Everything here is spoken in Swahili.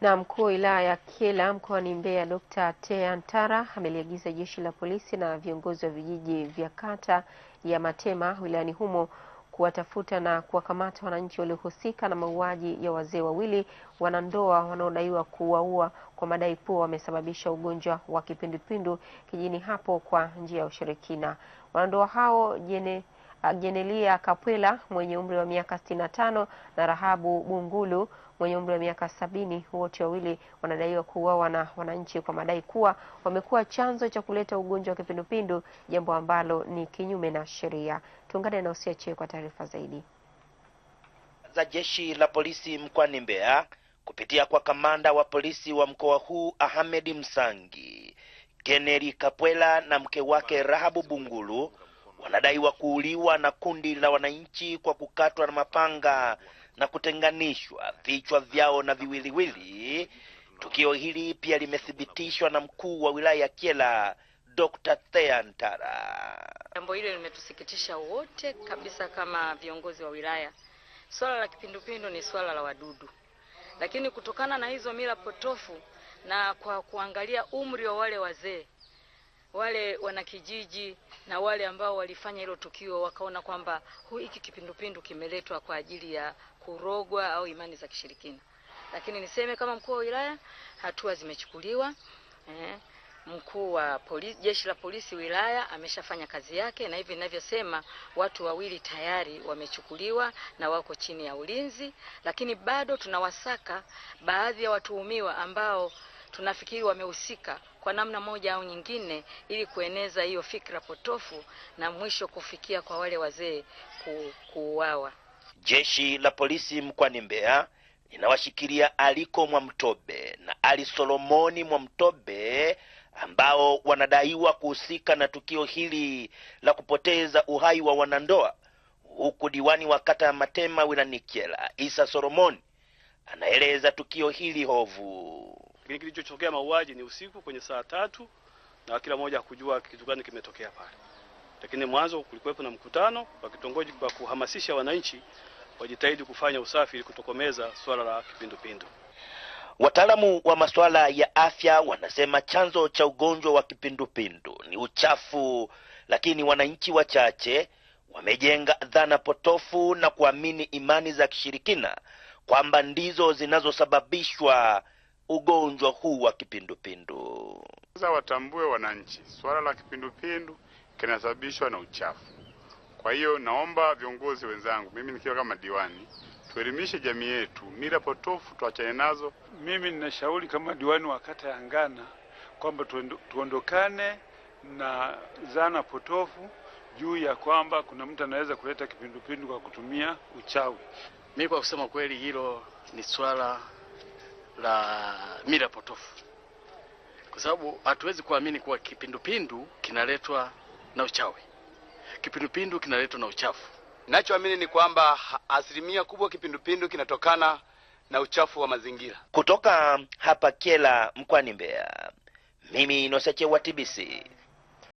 Na mkuu wa wilaya ya Kyela mkoani Mbeya, Dkt. Tea Ntara ameliagiza jeshi la polisi na viongozi wa vijiji vya kata ya Matema wilayani humo kuwatafuta na kuwakamata wananchi waliohusika na mauaji ya wazee wawili wanandoa wanaodaiwa kuwaua kwa madai kuwa wamesababisha ugonjwa wa kipindupindu kijini hapo kwa njia ya ushirikina. Wanandoa hao jene Ah, Genelia Kapwela mwenye umri wa miaka 65 na Rahabu Bungulu mwenye umri wa miaka sabini, wote wawili wanadaiwa kuuawa na wananchi kwa madai kuwa wamekuwa chanzo cha kuleta ugonjwa wa kipindupindu, jambo ambalo ni kinyume na sheria. Tuungane na Usiache kwa taarifa zaidi za jeshi la polisi mkoani Mbeya kupitia kwa kamanda wa polisi wa mkoa huu Ahmed Msangi, Generi Kapwela na mke wake Rahabu Bungulu wanadaiwa kuuliwa na kundi la wananchi kwa kukatwa na mapanga na kutenganishwa vichwa vyao na viwiliwili. Tukio hili pia limethibitishwa na mkuu wa wilaya ya Kyela Dr. Thea Ntara. Jambo hilo limetusikitisha wote kabisa kama viongozi wa wilaya. Swala la kipindupindu ni swala la wadudu, lakini kutokana na hizo mila potofu na kwa kuangalia umri wa wale wazee wale wanakijiji na wale ambao walifanya hilo tukio wakaona kwamba hiki kipindupindu kimeletwa kwa ajili ya kurogwa au imani za kishirikina. Lakini niseme kama mkuu wa wilaya, hatua zimechukuliwa eh. Mkuu wa polisi, jeshi la polisi wilaya ameshafanya kazi yake, na hivi ninavyosema watu wawili tayari wamechukuliwa na wako chini ya ulinzi, lakini bado tunawasaka baadhi ya watuhumiwa ambao tunafikiri wamehusika kwa namna moja au nyingine, ili kueneza hiyo fikra potofu na mwisho kufikia kwa wale wazee ku, kuuawa. Jeshi la polisi mkoani Mbeya linawashikilia Aliko Mwamtobe na Ali Solomoni Mwamtobe ambao wanadaiwa kuhusika na tukio hili la kupoteza uhai wa wanandoa, huku diwani wa kata ya Matema wilayani Kyela Isa Solomoni anaeleza tukio hili hovu. Lakini kilichotokea mauaji ni usiku kwenye saa tatu, na kila mmoja hakujua kitu gani kimetokea pale. Lakini mwanzo kulikuwepo na mkutano wa kitongoji kwa kuhamasisha wananchi wajitahidi kufanya usafi ili kutokomeza swala la kipindupindu. Wataalamu wa masuala ya afya wanasema chanzo cha ugonjwa wa kipindupindu ni uchafu, lakini wananchi wachache wamejenga dhana potofu na kuamini imani za kishirikina kwamba ndizo zinazosababishwa ugonjwa huu wa kipindupindu. Sasa watambue wananchi, swala la kipindupindu kinasababishwa na uchafu. Kwa hiyo naomba viongozi wenzangu, mimi nikiwa kama diwani, tuelimishe jamii yetu, mila potofu tuachane nazo. Mimi ninashauri kama diwani wa kata ya Ngana kwamba tuondokane na zana potofu juu ya kwamba kuna mtu anaweza kuleta kipindupindu kwa kutumia uchawi. Mimi kwa kusema kweli, hilo ni swala la mila potofu, kwa sababu hatuwezi kuamini kuwa kipindupindu kinaletwa na uchawi. Kipindupindu kinaletwa na uchafu. Nachoamini ni kwamba asilimia kubwa kipindupindu kinatokana na uchafu wa mazingira. Kutoka hapa Kyela mkoani Mbeya, mimi Nosache wa TBC.